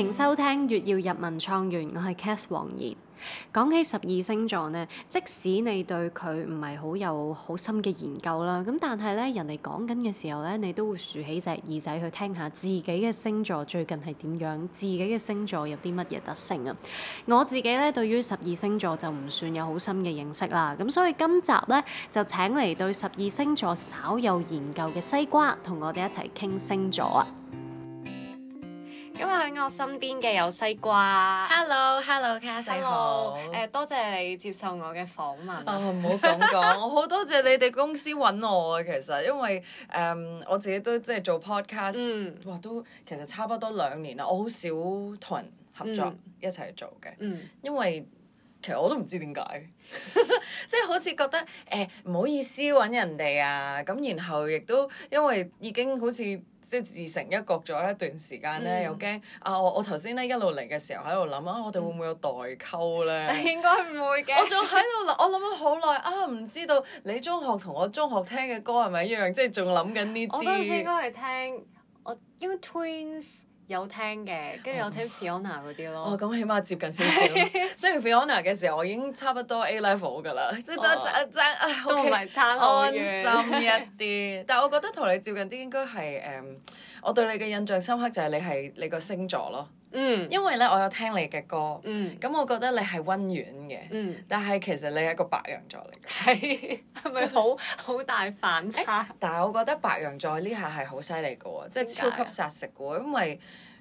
請收聽越要入文創園，我係 Cath 王言。講起十二星座呢，即使你對佢唔係好有好深嘅研究啦，咁但係咧人哋講緊嘅時候咧，你都會豎起隻耳仔去聽下自己嘅星座最近係點樣，自己嘅星座有啲乜嘢特性啊。我自己咧對於十二星座就唔算有好深嘅認識啦，咁所以今集咧就請嚟對十二星座稍有研究嘅西瓜，同我哋一齊傾星座啊！因為喺我身邊嘅有西瓜 Hello, hello, K 仔。Hello, hello, 好，誒、uh, 多謝你接受我嘅訪問。哦、oh，唔好咁講，我好多謝你哋公司揾我嘅，其實因為誒、um, 我自己都即係做 podcast、mm. 哇，都其實差不多兩年啦。我好少同人合作、mm. 一齊做嘅，mm. 因為其實我都唔知點解， 即係好似覺得誒、欸、唔好意思揾人哋啊，咁然後亦都因為已經好似，即係自成一角咗一段時間咧，嗯、又驚啊！我我頭先咧一路嚟嘅時候喺度諗啊，我哋會唔會有代溝咧？應該唔會嘅。 我仲喺度諗，我諗咗好耐啊！唔知道你中學同我中學聽嘅歌係咪一樣？即係仲諗緊呢啲。我當時應該係聽我 Young Twins。You Twins, 有聽嘅，跟住有聽 Fiona 嗰啲咯。哦，咁起碼接近少少。 雖然 Fiona 嘅時候，我已經差不多 A level 噶啦，即係、哦啊 okay，都爭埋差，安心一啲。但係我覺得同你接近啲應該係誒，um, 我對你嘅印象深刻就係你係你個星座咯。嗯，因為咧我有聽你嘅歌，咁、嗯、我覺得你係溫婉嘅，嗯、但係其實你係一個白羊座嚟，嘅，係係咪好好大反差？欸、但係我覺得白羊座呢下係好犀利嘅，即係、嗯、超級殺食嘅，為因為。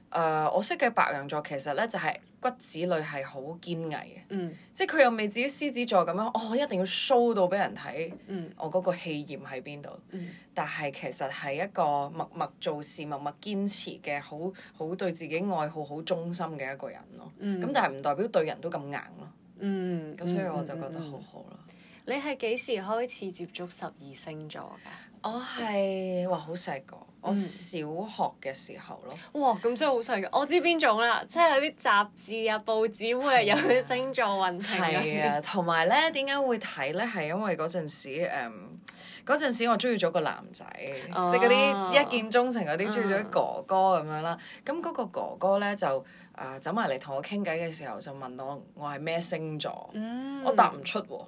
誒，uh, 我識嘅白羊座其實咧就係、是、骨子裏係好堅毅嘅，嗯、即係佢又未至於獅子座咁樣，哦我一定要 show 到俾人睇，我嗰個氣焰喺邊度。嗯、但係其實係一個默默做事、默默堅持嘅，好好對自己愛好好忠心嘅一個人咯。咁、嗯、但係唔代表對人都咁硬咯。嗯，咁所以我就覺得好好咯、嗯嗯嗯嗯嗯嗯。你係幾時開始接觸十二星座㗎？我係哇好細個，小嗯、我小學嘅時候咯。哇，咁真係好細個！我知邊種啦，即係有啲雜誌啊、報紙會係有啲星座運程。係啊，同埋咧，點解會睇咧？係因為嗰陣時誒，嗰、嗯、陣時我中意咗個男仔，啊、即係嗰啲一見鍾情嗰啲，中意咗哥哥咁樣啦。咁嗰個哥哥咧、啊、就誒、呃、走埋嚟同我傾偈嘅時候，就問我我係咩星座，嗯、我答唔出喎。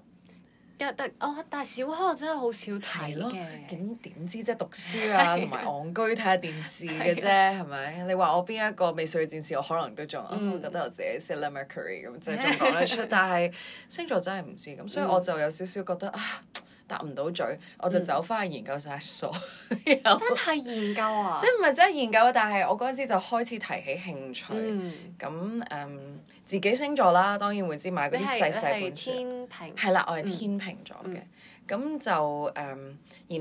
但係哦，但係小學真係好少睇咯，點點知即係讀書啊，同埋戇居睇下電視嘅啫，係咪？ 你話我邊一個美少女戰士，我可能都仲覺、mm. 哦、得，得我自己 Sailor Mercury 咁，即係仲講得出。 但係星座真係唔知，咁所以我就有少少覺得、mm. 啊。答唔到嘴，我就走翻去研究曬所有。嗯、 真係研究啊！即係唔係真係研究？啊，但係我嗰陣時就開始提起興趣。咁誒、嗯，um, 自己星座啦，當然會知買嗰啲細細本書，天平。係啦，我係天平座嘅。咁、嗯、就誒，um,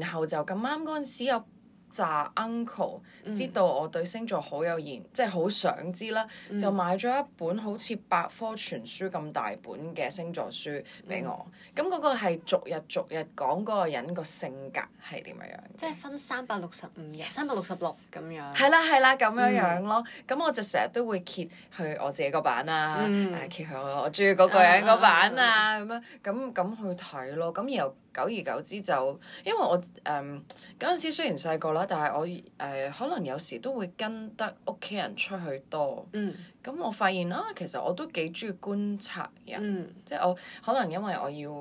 然後就咁啱嗰陣時有。查 uncle 知道我對星座好有熱，mm. 即係好想知啦，就買咗一本好似百科全書咁大本嘅星座書俾我。咁嗰、mm. 個係逐日逐日講嗰個人個性格係點樣 5, Yes. 6, 樣。即係分三百六十五日，三百六十六咁樣。係啦係啦，咁樣樣咯。咁我就成日都會揭去我自己個版啊，誒、mm. 啊、揭去我我中意嗰個人嗰版啊，咁樣咁咁去睇咯。咁然後。久而久之就，因為我誒嗰陣時雖然細個啦，但係我誒、呃、可能有時都會跟得屋企人出去多。嗯。咁我發現啦、啊，其實我都幾中意觀察人，嗯、即係我可能因為我要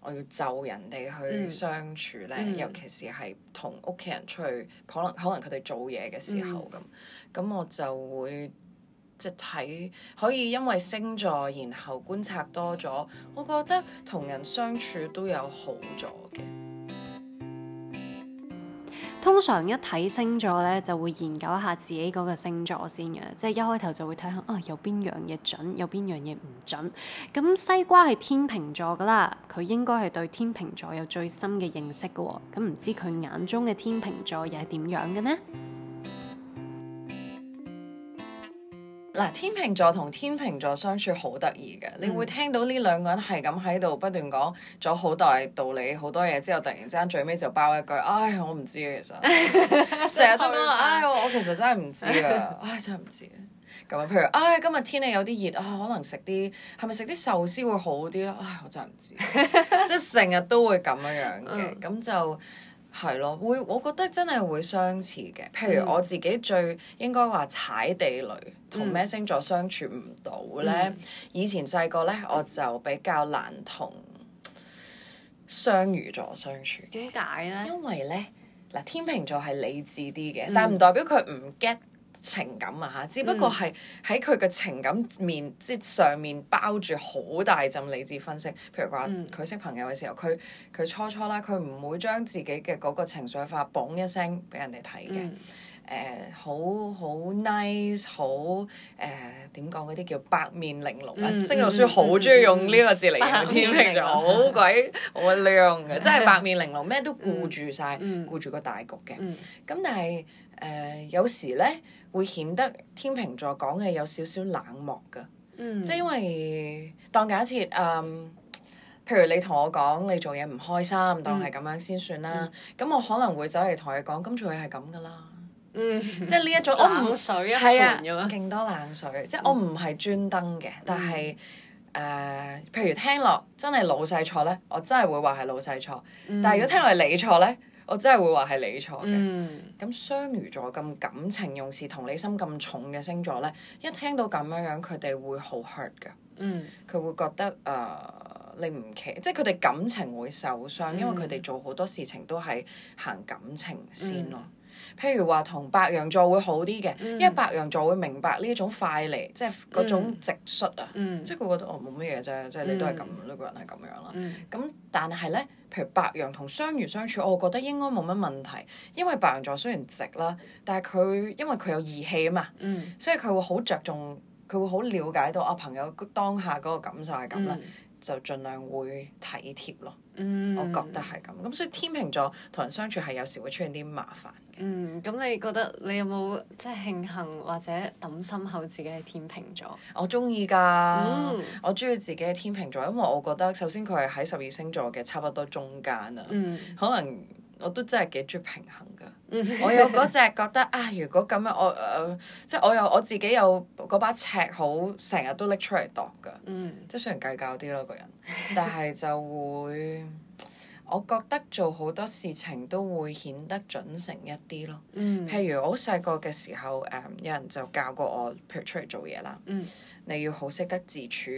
我要就人哋去相處咧，嗯、尤其是係同屋企人出去，可能可能佢哋做嘢嘅時候咁，咁、嗯、我就會。即睇可以因為星座然後觀察多咗，我覺得同人相處都有好咗嘅。通常一睇星座咧，就會研究一下自己嗰個星座先嘅，即係一開頭就會睇下，啊，有邊樣嘢準，有邊樣嘢唔準。咁西瓜係天秤座噶啦，佢應該係對天秤座有最深嘅認識嘅喎、哦。咁唔知佢眼中嘅天秤座又係點樣嘅呢？嗱，天秤座同天秤座相處好得意嘅，你會聽到呢兩個人係咁喺度不斷講咗好大道理好多嘢之後，突然之間最尾就爆一句，唉、哎，我唔知啊其實，成日 都講，唉、 哎，我其實真係唔知啊，唉、哎，真係唔知啊。咁、哎、啊，譬如，唉、哎，今日天氣有啲熱啊，可能食啲係咪食啲壽司會好啲咧？唉、哎，我真係唔知， 即係成日都會咁樣樣嘅，咁、嗯、就。係咯，會我覺得真係會相似嘅。譬如我自己最應該話踩地雷，同咩星座相處唔到呢？嗯、以前細個呢，我就比較難同雙魚座相處。點解呢？因為呢，嗱，天秤座係理智啲嘅，嗯、但唔代表佢唔 get。情感啊吓，只不過係喺佢嘅情感面，即上面包住好大陣理智分析。譬如話佢識朋友嘅時候，佢佢、嗯、初初啦，佢唔會將自己嘅嗰個情緒化，嘣一聲俾人哋睇嘅。誒、嗯 uh,，好 nice, 好 nice，好誒點講嗰啲叫八面玲瓏啊！星座 書好中意用呢個字嚟講，天秤就好鬼 好亮嘅， 真係八面玲瓏，咩都顧住晒，顧監、嗯、住個大局嘅。咁但係誒、呃、有時咧～會顯得天秤座講嘅有少少冷漠噶，嗯、即係因為當假設誒、嗯，譬如你同我講你做嘢唔開心，當係咁樣先算啦。咁、嗯、我可能會走嚟同你講，咁做嘢係咁噶啦。嗯，即係呢一種，我唔水係啊，勁、啊、多冷水。即係我唔係專登嘅，嗯、但係誒，uh, 譬如聽落真係老細錯咧，我真係會話係老細錯。嗯、但係如果聽落係你錯咧。我真係會話係你錯嘅。咁、mm. 雙魚座咁感情用事、同理心咁重嘅星座呢，一聽到咁樣樣，佢哋會好 hurt 噶。佢、mm. 會覺得誒，uh, 你唔企，即係佢哋感情會受傷，mm. 因為佢哋做好多事情都係行感情先咯。Mm. 譬如話同白羊座會好啲嘅，mm. 因為白羊座會明白呢種快嚟，即係嗰種直率啊，mm. 即係佢覺得我冇乜嘢啫，哦 mm. 即係你都係咁，呢、mm. 個人係咁樣啦。咁、mm. 但係咧，譬如白羊同雙魚相處，我覺得應該冇乜問題，因為白羊座雖然直啦，但係佢因為佢有義氣啊嘛，mm. 所以佢會好着重，佢會好了解到我朋友當下嗰個感受係咁啦，mm. 就儘量會體貼咯。我覺得係咁，咁所以天秤座同人相處係有時會出現啲麻煩。嗯，咁你覺得你有冇即係慶幸或者揼心口自己係天秤座？我中意㗎，嗯、我中意自己係天秤座，因為我覺得首先佢係喺十二星座嘅差唔多中間啊。嗯、可能我都真係幾中意平衡㗎。嗯、我有嗰隻覺得 啊，如果咁樣我誒、呃，即係我有我自己有嗰把尺好，好成日都拎出嚟度㗎。嗯，即係雖然計較啲咯個人，但係就會。 我覺得做好多事情都會顯得準誠一啲咯。嗯、譬如我好細個嘅時候，誒、嗯、有人就教過我，譬如出嚟做嘢啦，嗯、你要好識得自處。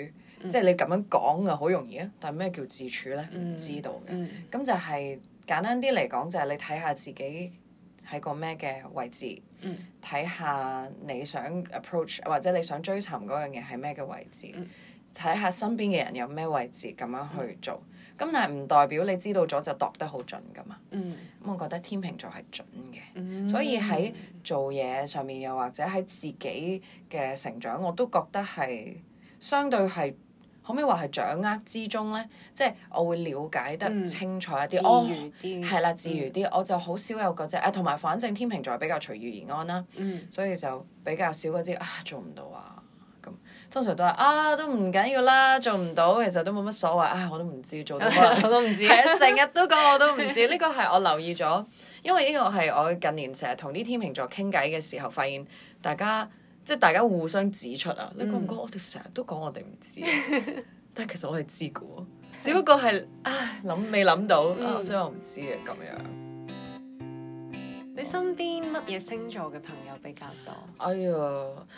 嗯、即係你咁樣講啊，好容易啊。但係咩叫自處咧？唔知道嘅。咁、嗯嗯、就係簡單啲嚟講，就係、是、你睇下自己喺個咩嘅位置，睇下、嗯、你想 approach 或者你想追尋嗰樣嘢係咩嘅位置，睇下、嗯、身邊嘅人有咩位置，咁樣去做。嗯。咁但係唔代表你知道咗就度得好準㗎嘛？咁、嗯、我覺得天秤座係準嘅，嗯、所以喺做嘢上面又或者喺自己嘅成長，我都覺得係相對係可唔可以話係掌握之中咧。即、就、係、是、我會了解得清楚一啲，嗯、我係啦、哦，自如啲，嗯、我就好少有嗰隻啊。同埋反正天秤座比較隨遇而安啦，嗯、所以就比較少嗰啲啊做唔到啊。通常都係啊，都唔緊要啦，做唔到其實都冇乜所謂啊、哎，我都唔知做到乜， 我都唔知，係啊， 成日都講我都唔知，呢個係我留意咗，因為呢個係我近年成日同啲天秤座傾偈嘅時候發現，大家即係大家互相指出啊，嗯、你覺唔覺我哋成日都講我哋唔知？ 但其實我係知嘅喎，是只不過係唉諗未諗到、啊、所以我唔知嘅咁樣。身邊乜嘢星座嘅朋友比較多？哎呀，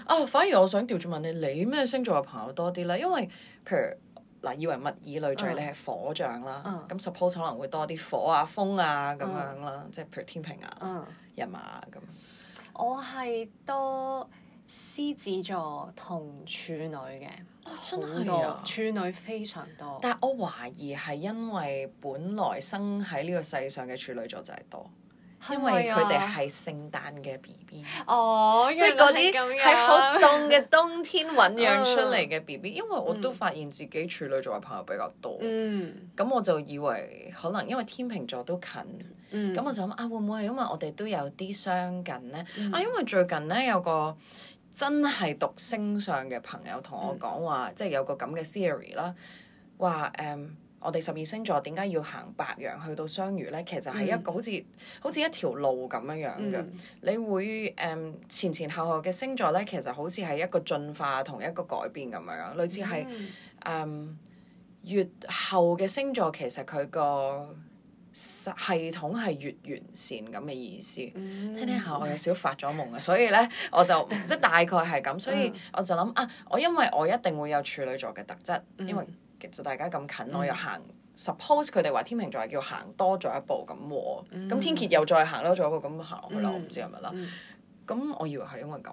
啊、哦，反而我想調轉問你，你咩星座嘅朋友多啲咧？因為譬如嗱，以為物以類聚，嗯、你係火象啦，咁、嗯、suppose 可能會多啲火啊、風啊咁樣啦，嗯、即係譬如天秤啊、嗯、人馬咁。我係多獅子座同處女嘅，哦，真係啊，處女非常多，但係我懷疑係因為本來生喺呢個世上嘅處女座就係多。因為佢哋係聖誕嘅 B B，哦，即係嗰啲係好凍嘅冬天醞釀出嚟嘅 B B。嗯、因為我都發現自己處女座嘅朋友比較多，咁、嗯、我就以為可能因為天秤座都近，咁、嗯、我就諗啊會唔會係因為我哋都有啲相近咧？嗯、啊，因為最近咧有個真係讀星相嘅朋友同我講話，嗯、即係有個咁嘅 theory 啦，話誒。我哋十二星座點解要行白羊去到雙魚呢？其實係一個、嗯、好似好似一條路咁樣樣嘅，嗯、你會誒、um, 前前後後嘅星座呢，其實好似係一個進化同一個改變咁樣樣，類似係越、嗯 um, 後嘅星座，其實佢個系統係越完善咁嘅意思。嗯、聽聽下，我有少少發咗夢啊，所以呢，我就 即係大概係咁，所以我就諗、嗯、啊，我因為我一定會有處女座嘅特質，因為。其實大家咁近，我又行。嗯、Suppose 佢哋話天秤座係叫行多咗一步咁，咁、嗯、天蠍又再行多咗一步咁行落去啦，嗯、我唔知係咪啦。咁、嗯、我以為係因為咁。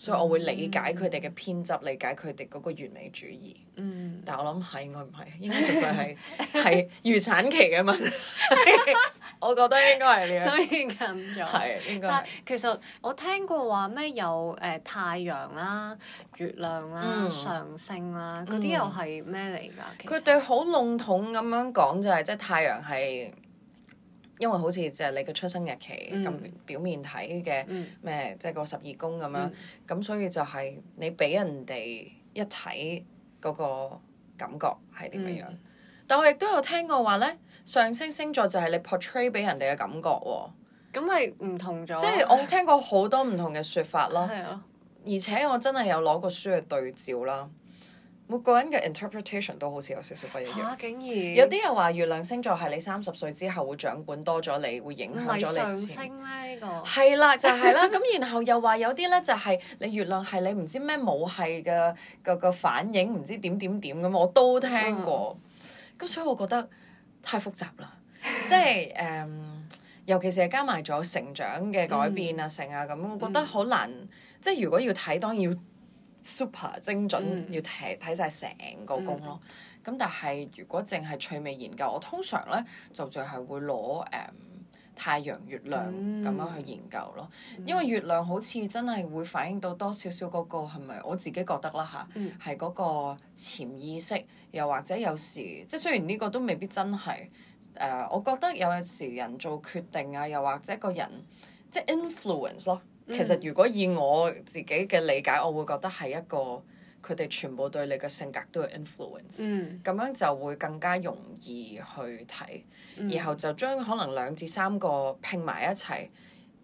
所以我會理解佢哋嘅偏執，理解佢哋嗰個完美主義。嗯、但係我諗係應該唔係，應該純粹係係預產期嘅問題。 我覺得應該係呢、這個。所以近咗。係應該。但係其實我聽過話咩有誒、呃、太陽啦、啊、月亮啦、啊、嗯、上升啦、啊，嗰啲又係咩嚟㗎？佢哋好籠統咁樣講就係、是，即係太陽係。因為好似就係你嘅出生日期咁、嗯、表面睇嘅咩，嗯、即係個十二宮咁樣，咁、嗯、所以就係你俾人哋一睇嗰個感覺係點樣樣。嗯、但我亦都有聽過話咧，上升星座就係你 portray 俾人哋嘅感覺喎。咁係唔同咗。即係我聽過好多唔同嘅説法咯。 而且我真係有攞個書去對照啦。每個人嘅 interpretation 都好似有少少不一樣。啊、竟然有啲人話月亮星座係你三十歲之後會掌管多咗，你會影響咗你前。唔係上升呢個。係啦，就係、是、啦。咁 然後又話有啲咧就係、是、你月亮係你唔知咩母系嘅個個反應，唔知點點點咁，我都聽過。咁、嗯、所以我覺得太複雜啦，即係誒，um, 尤其是係加埋咗成長嘅改變啊，成啊咁，我覺得好難。即、就、係、是、如果要睇，當然要。Super 精準，嗯、要睇晒成個宮咯，咁、嗯、但係如果淨係趣味研究，我通常咧就最係會攞誒、um, 太陽月亮咁樣去研究咯，嗯、因為月亮好似真係會反映到多少少嗰個係咪我自己覺得啦吓，係嗰、嗯、個潛意識，又或者有時即係雖然呢個都未必真係，誒、呃，我覺得有時人做決定啊，又或者個人即係 influence 咯。其實如果以我自己嘅理解，我會覺得係一個佢哋全部對你嘅性格都有 influence，咁、嗯、樣就會更加容易去睇，嗯、然後就將可能兩至三個拼埋一齊，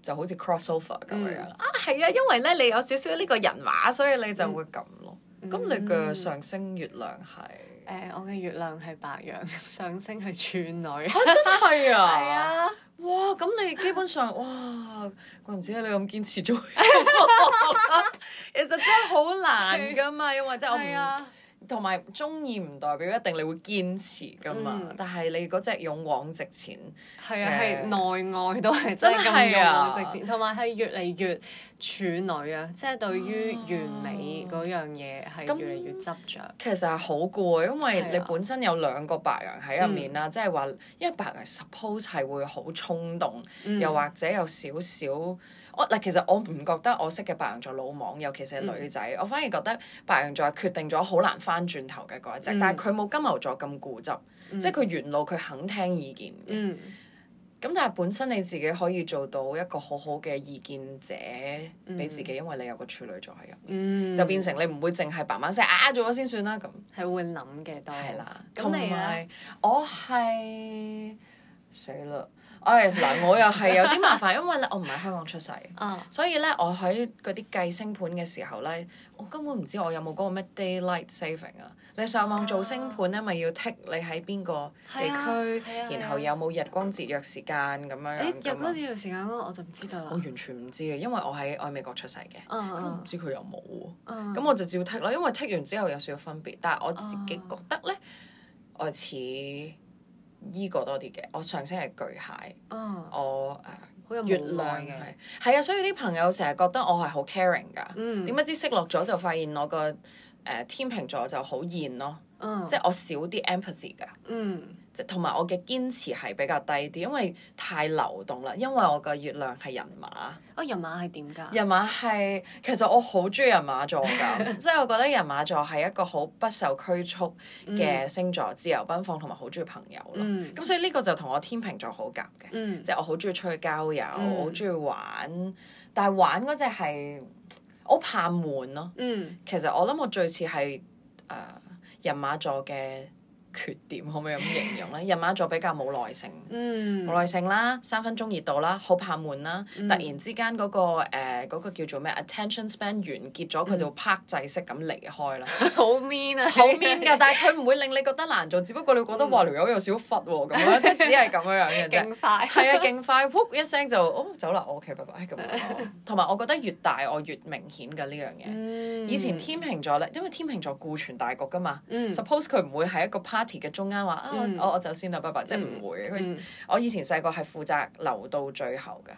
就好似 cross over 咁樣。嗯、啊，係啊，因為咧你有少少呢個人馬，所以你就會咁咯。咁、嗯、你嘅上升月亮係？誒、呃，我嘅月亮係白羊，上升係處女。嚇、啊！真係啊！係 啊！哇！咁你基本上哇，怪唔之得你咁堅持做， 其實真係好難噶嘛，是因為真係我唔同埋中意唔代表一定你會堅持㗎嘛，嗯、但係你嗰隻勇往直前，係啊，係、呃、內外都係真係咁勇往直前，同埋係越嚟越處女啊，即、就、係、是、對於完美嗰樣嘢係越嚟越執着、啊嗯嗯。其實係好攰，因為你本身有兩個白羊喺入面啦，即係話，因為白羊 suppose 係會好衝動，嗯、又或者有少少。嗱，其實我唔覺得我識嘅白羊座魯莽，尤其是係女仔。嗯、我反而覺得白羊座係決定咗好難翻轉頭嘅嗰一隻，但係佢冇金牛座咁固執，即係佢原路佢肯聽意見嘅。咁、嗯、但係本身你自己可以做到一個好好嘅意見者俾自己，嗯、因為你有個處女座喺入面，嗯、就變成你唔會淨係白馬聲啊做咗先算啦。咁係會諗嘅都係啦。同埋我係死啦。哎嗱，我又係有啲麻煩， 因為咧我唔係香港出世，oh. 所以咧我喺嗰啲計星盤嘅時候咧，我根本唔知我有冇嗰個咩 daylight saving 啊！Oh. 你上網做星盤咧，咪要剔你喺邊個地區，Yeah. 然後有冇日光節約時間咁樣 Yeah. 樣咁啊？日光節約時間，我就唔知道，我完全唔知嘅，因為我喺我美國出世嘅，咁唔、oh. 知佢有冇喎。咁、oh. 我就照剔啦，因為剔完之後有少少分別，但係我自己覺得咧，我似。依個多啲嘅，我上升係巨蟹，oh, 我誒、呃、月亮嘅、就係，係啊，所以啲朋友成日覺得我係好 caring 噶，點解、mm. 知識落咗就發現我個誒、呃、天秤座就好現咯，oh. 即係我少啲 empathy 噶。Mm. 同埋我嘅堅持係比較低啲，因為太流動啦。因為我嘅月亮係人馬。哦，人馬係點㗎？人馬係其實我好中意人馬座㗎，即係 我覺得人馬座係一個好不受拘束嘅星座，嗯、自由奔放同埋好中意朋友咯。咁、嗯、所以呢個就同我天秤座好夾嘅，即係、嗯、我好中意出去交友，好中意玩。但係玩嗰隻係我怕悶咯。嗯、其實我諗我最似係誒人馬座嘅。缺點可唔可以咁形容咧？日晚座比較冇耐性，冇耐性啦，三分鐘熱度啦，好怕悶啦。突然之間嗰個誒叫做咩 attention span 完結咗，佢就 p a 制式咁離開啦。好 mean 啊！好 mean 㗎，但係佢唔會令你覺得難做，只不過你會覺得哇，又有少忽喎咁咯，即只係咁樣樣嘅啫。勁快係啊，勁快，噗一聲就哦走啦，我 OK，拜拜咁樣。同埋我覺得越大我越明顯㗎呢樣嘢。以前天秤座咧，因為天秤座顧全大局㗎嘛，suppose 佢唔會係一個嘅中間話啊，我我走先啦，拜拜，即係唔會嘅。佢我以前細個係負責留到最後嘅，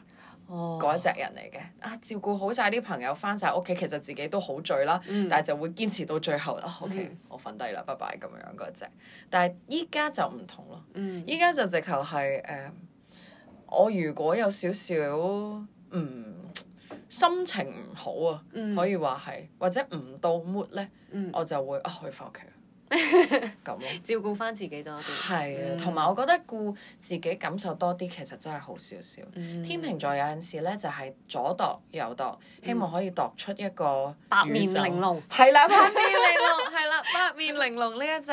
嗰一隻人嚟嘅。啊，照顧好晒啲朋友，翻晒屋企，其實自己都好醉啦。但係就會堅持到最後啦。OK，我瞓低啦，拜拜，e b 咁樣嗰隻。但係依家就唔同咯。依家就直頭係誒，我如果有少少唔心情唔好啊，可以話係或者唔到 mood 咧，我就會啊去翻屋企。 照顧翻自己多啲，係啊，同埋、嗯、我覺得顧自己感受多啲，其實真係好少少。嗯、天秤座有陣時呢，就係、是、左度右度，希望可以度出一個八面玲瓏，係 啦，八面玲瓏，係 啦，八面玲瓏呢一隻，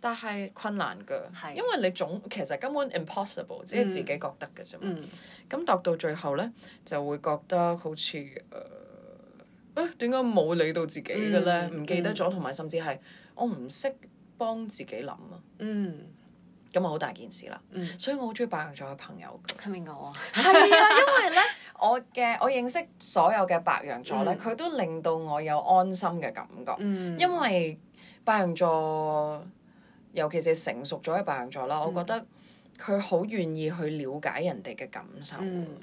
但係困難嘅，是因為你總其實根本 impossible，只係自己覺得嘅啫。咁、嗯嗯、度到最後呢，就會覺得好似誒，點解冇理到自己嘅咧？唔記得咗，同埋甚至係。我唔識幫自己諗啊！嗯，咁啊好大件事啦。嗯，所以我好鍾意白羊座嘅朋友。聽明我？啊，係啊，因為咧，我嘅我認識所有嘅白羊座咧，佢、嗯、都令到我有安心嘅感覺。嗯，因為白羊座，尤其是成熟咗嘅白羊座啦，我覺得佢好願意去了解人哋嘅感受。嗯。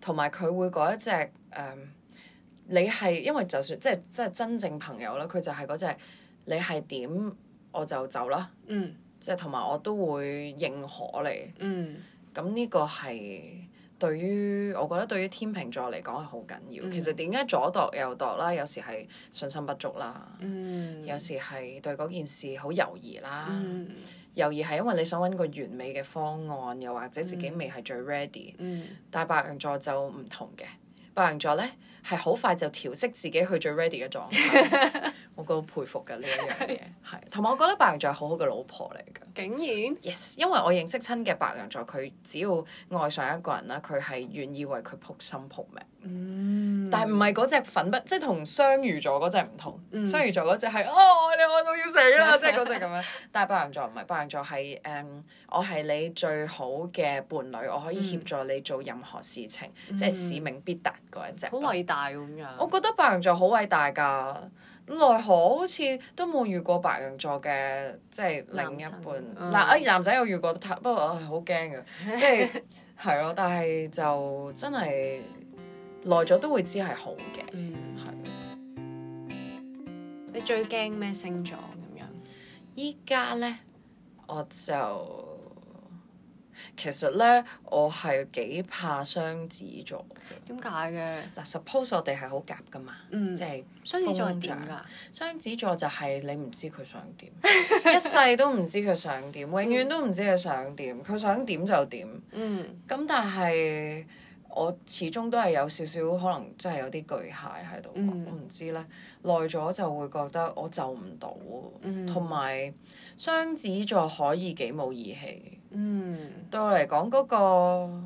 同埋佢會嗰一隻誒。Uh, 你係因為就算即係即係真正朋友啦，佢就係嗰隻你係點我就走啦。嗯，即係同埋我都會認可你。嗯，咁呢個係對於我覺得對於天秤座嚟講係好緊要。嗯、其實點解左度右度啦？有時係信心不足啦，嗯、有時係對嗰件事好猶豫啦。嗯、猶豫係因為你想揾個完美嘅方案，又或者自己未係最 ready、嗯。嗯、但係白羊座就唔同嘅，白羊座呢。係好快就調適自己去最 ready 嘅狀態， 我覺得好佩服嘅呢一樣嘢，係同埋我覺得白羊座係好好嘅老婆嚟㗎。竟然 yes，因為我認識親嘅白羊座，佢只要愛上一個人啦，佢係願意為佢撲心撲命。嗯但係唔係嗰隻粉筆，即係同雙魚座嗰隻唔同。雙魚座嗰隻係哦，你愛到要死啦，即係嗰隻咁樣。但係白羊座唔係，白羊座係誒，我係你最好嘅伴侶，我可以協助你做任何事情，即係使命必達嗰一隻。好偉大咁樣。我覺得白羊座好偉大㗎，奈何好似都冇遇過白羊座嘅即係另一半。嗱，男男仔有遇過，不過我係好驚㗎，即係係咯，但係就真係。耐咗都會知係好嘅，係、嗯。你最驚咩星座咁樣？依家咧，我就其實咧，我係幾怕雙子座嘅。點解嘅？嗱，Suppose 我哋係好夾噶嘛，即係、嗯、雙子座點噶？雙子座就係你唔知佢想點， 一世都唔知佢想點，永遠都唔知佢想點。佢想點就點。嗯。咁、嗯、但係。我始終都係有少少可能，真係有啲巨蟹喺度、嗯。我唔知呢，耐咗就會覺得我就唔到。同埋、嗯、雙子座可以幾冇義氣。嗯，對我嚟講嗰個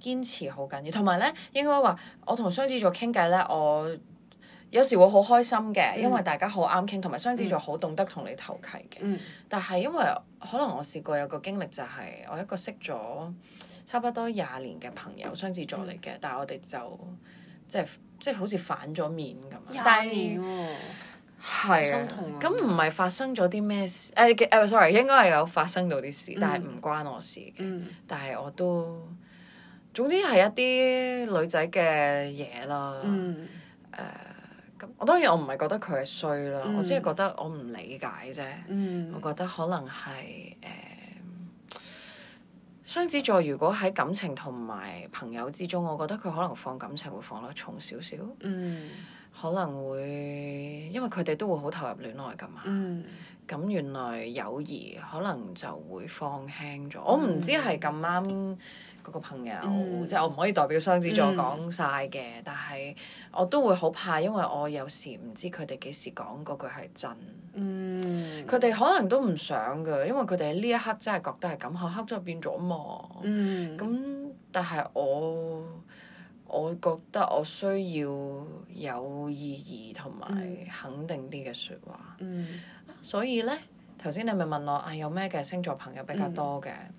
堅持好緊要。同埋呢，應該話我同雙子座傾偈呢，我有時會好開心嘅，嗯、因為大家好啱傾，同埋雙子座好懂得同你投契嘅。嗯嗯、但係因為可能我試過有個經歷，就係我一個識咗，差不多廿年嘅朋友，雙子座嚟嘅，但係我哋就即係即係好似反咗面咁樣。廿年喎，係，咁唔係發生咗啲咩事？誒誒，sorry，應該係有發生到啲事，但係唔關我事嘅。但係我都總之係一啲女仔嘅嘢啦。誒，咁我當然我唔係覺得佢係衰啦，我只係覺得我唔理解啫。我覺得可能係誒。雙子座如果喺感情同埋朋友之中，我覺得佢可能放感情會放得重少少，嗯、可能會因為佢哋都會好投入戀愛㗎嘛，咁、嗯、原來友誼可能就會放輕咗。嗯、我唔知係咁啱。個朋友、嗯、即係我唔可以代表雙子座講晒嘅，但係我都會好怕，因為我有時唔知佢哋幾時講嗰句係真。嗯，佢哋可能都唔想噶，因為佢哋喺呢一刻真係覺得係咁，下刻就變咗嘛。嗯，咁但係我我覺得我需要有意義同埋肯定啲嘅説話、嗯啊。所以呢，頭先你咪問我啊，有咩嘅星座朋友比較多嘅？嗯。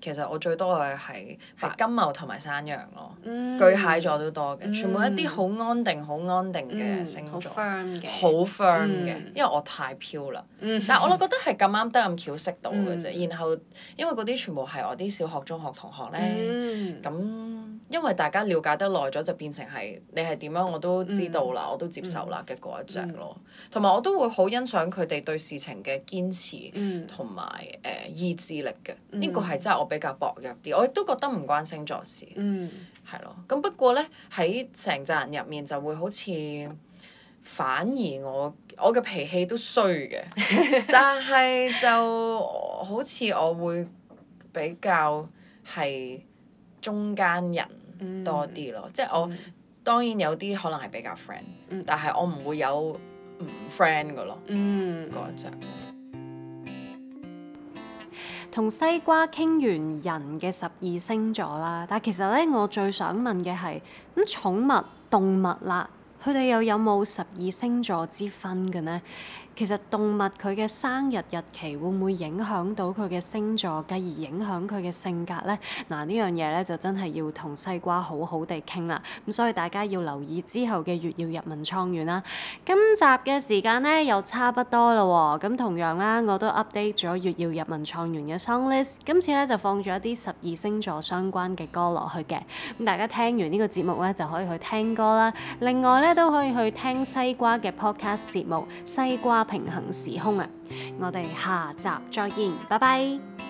其實我最多嘅係金牛同埋山羊咯，巨蟹座都多嘅，全部一啲好安定、好安定嘅星座，好 firm 嘅。因為我太飄啦，但係我覺得係咁啱得咁巧識到嘅啫。然後因為嗰啲全部係我啲小學、中學同學咧，咁因為大家了解得耐咗，就變成係你係點樣我都知道啦，我都接受啦嘅嗰一隻咯。同埋我都會好欣賞佢哋對事情嘅堅持同埋誒意志力嘅，呢個係真係我。比較薄弱啲，我亦都覺得唔關星座事。嗯，係咯。咁不過呢，喺成扎人入面就會好似反而我我嘅脾氣都衰嘅， 但係就 好似我會比較係中間人多啲咯。嗯、即係我、嗯、當然有啲可能係比較 friend，、嗯、但係我唔會有唔 friend 嘅咯。嗯，嗰、那個同西瓜傾完人嘅十二星座啦，但係其實咧，我最想問嘅係咁寵物動物啦，佢哋又有冇十二星座之分嘅呢？其實動物佢嘅生日日期會唔會影響到佢嘅星座，繼而影響佢嘅性格呢？嗱呢樣嘢咧就真係要同西瓜好好地傾啦。咁所以大家要留意之後嘅月曜日文創園啦。今集嘅時間呢又差不多啦喎。咁同樣啦，我都 update 咗月曜日文創園嘅 song list，今次咧就放咗一啲十二星座相關嘅歌落去嘅。咁大家聽完呢個節目咧就可以去聽歌啦。另外咧都可以去聽西瓜嘅 podcast 節目西瓜。平衡時空呀！我哋下集再見，拜拜。